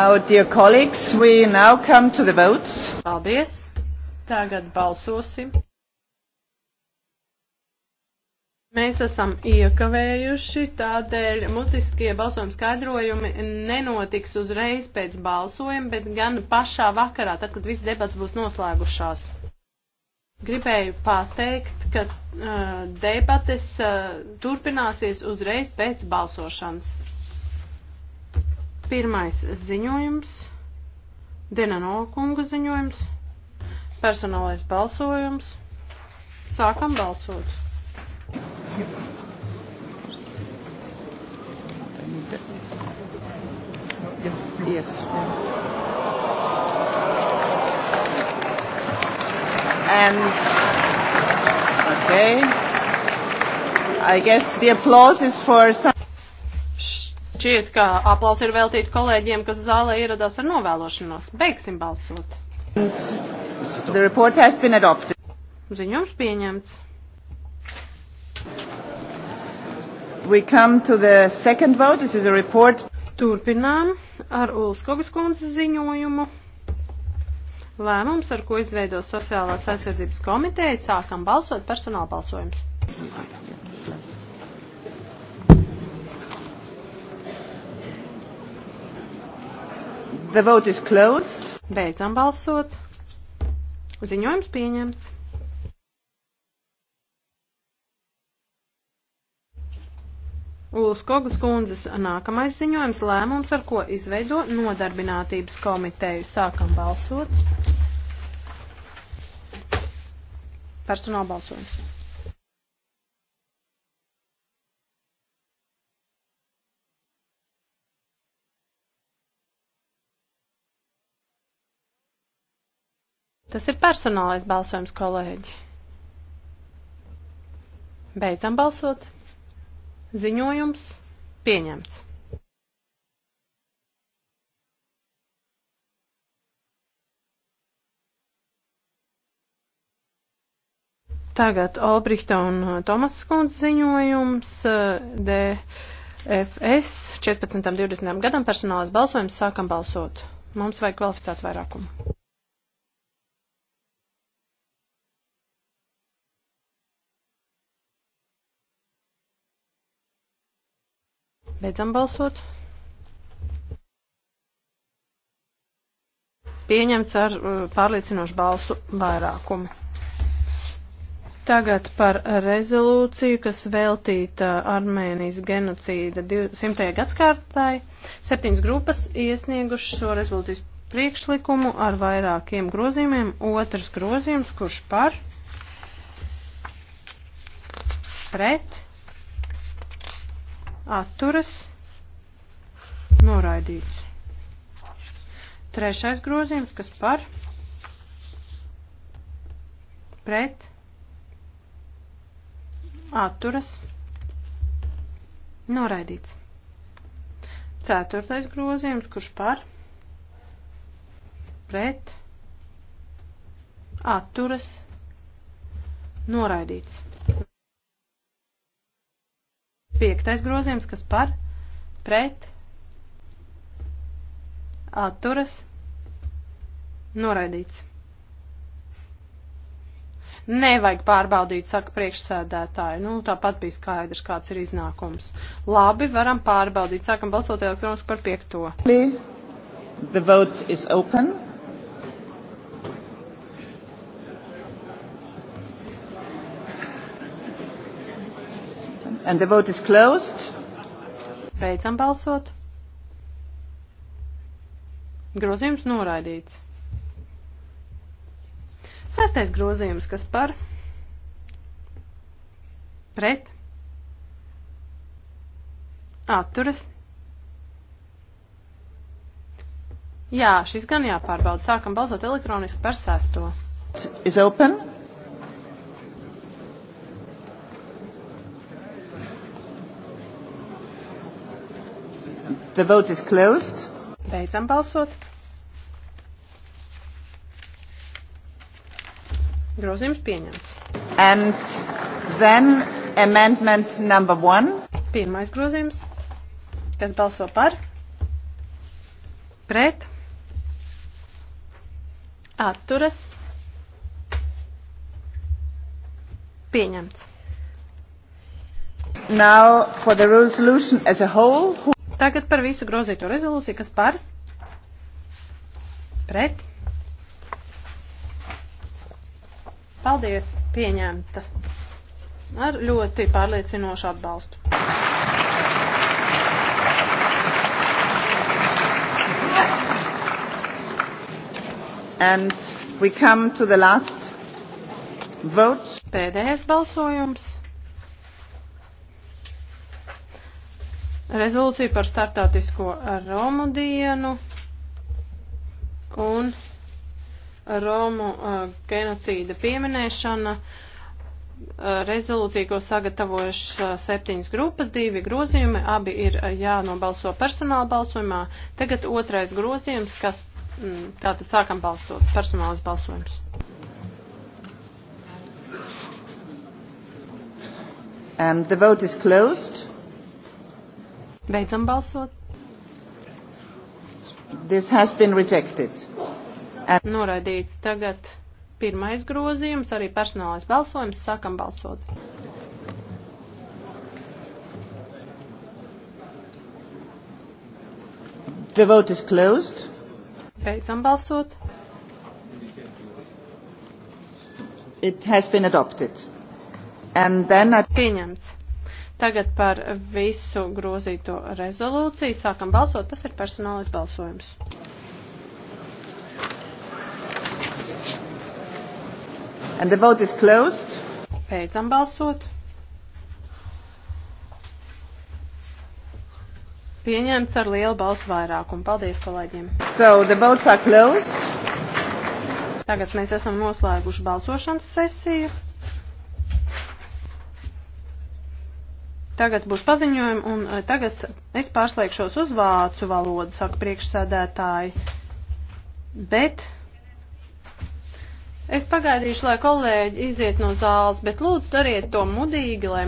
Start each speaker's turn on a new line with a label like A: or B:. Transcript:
A: Now, dear colleagues, we now come to the votes.
B: Paldies. Tagad balsosim. Mēs esam iekavējuši, tādēļ mutiskie balsojuma skaidrojumi nenotiks uzreiz pēc balsojuma, bet gan pašā vakarā, tad, kad viss debats būs noslēgušās. Gribēju pateikt, ka uh, debates uh, turpināsies uzreiz pēc balsošanas. Pirmais ziņojums, Denano kunga ziņojums, personālais balsojums. Sākam balsot.
A: Yes. Yes. And okay. I guess the applause is for some
B: šķiet, ka aplausi ir veltīti kolēģiem, kas zālē ieradās ar novēlošanos. Beigsim balsot. Ziņojums pieņemts.
A: We come to the second vote. This is a report. Turpinām
B: ar Ulskogas kundzes ziņojumu. Lēmums, ar ko izveido sociālās aizsardzības komiteja, sākam balsot personāla balsojums. Thank you. The vote is closed. Beidzam balsot. Ziņojums pieņemts. Lūskogas kundzes nākamais ziņojums lēmums, ar ko izveido nodarbinātības komiteju. Sākam balsot. Personāla balsojums. Tas ir personālais balsojums, kolēģi. Beidzam balsot. Ziņojums pieņemts. Tagad Albrihta un uh, Tomas skundz ziņojums uh, DFS 14.20. gadam personālais balsojums sākam balsot. Mums vajag kvalificētu vairākumu. Beidzam balsot. Pieņemts ar uh, pārliecinošu balsu vairākumu. Tagad par rezolūciju, kas veltīta Armēnijas genocīda 200. gadskārtai. Septiņas grupas iesniegušas šo rezolūcijas priekšlikumu ar vairākiem grozījumiem. Otrs grozījums, kurš par pret atturas, noraidīts. Trešais grozījums, kas par, pret, atturas, noraidīts. Ceturtais grozījums, kurš par, pret, atturas, noraidīts. Piektais grozījums, kas par, pret, atturas, noraidīts. Nevajag pārbaudīt, saka priekšsēdētāji. Nu, tāpat bija skaidrs, kāds ir iznākums. Labi, varam pārbaudīt. Sākam balsot elektroniski par piekto.
A: The vote is open. And the vote is closed.
B: Beidzam balsot. Grozījums noraidīts. Sastais grozījums, kas par pret atturas. Jā, šis gan jāpārbauda. Sākam balsot elektroniski par sesto.
A: Is open. The vote is closed.
B: Beidzam balsot. Grozījums pieņemts.
A: And then amendment number
B: one. Pirmais grozījums. Kas balso par? Pret. Atturas. Pieņemts.
A: Now for the resolution as a whole. Who
B: Tagad par visu grozīto rezolūciju, kas par? Pret? Paldies, pieņemta. Ar ļoti pārliecinošu atbalstu.
A: And we come to the last
B: vote. Pēdējais balsojums. rezolūciju par startautisko Romu dienu un Romu uh, genocīda pieminēšana. Uh, rezolūcija, ko sagatavojuši uh, septiņas grupas, divi grozījumi, abi ir uh, jānobalso personāla balsojumā. Tagad otrais grozījums, kas mm, tātad sākam balsot, personāls balsojums.
A: And the vote is closed.
B: Beidzam balsot.
A: This has been rejected.
B: And... Noraidīts tagad pirmais grozījums, arī personālais balsojums, sākam balsot.
A: The vote is closed.
B: Beidzam balsot.
A: It has been adopted. And then at...
B: Pieņemts. Tagad par visu grozīto rezolūciju. Sākam balsot, tas ir personālais balsojums.
A: And the vote is closed.
B: Beidzam balsot. Pieņemts ar lielu balsu vairākumu. Paldies kolēģiem.
A: So the votes are closed.
B: Tagad mēs esam noslēguši balsošanas sesiju. tagad būs paziņojumi, un eh, tagad es pārslēgšos uz vācu valodu, saka priekšsēdētāji. Bet es pagaidīšu, lai kolēģi iziet no zāles, bet lūdzu dariet to mudīgi, lai.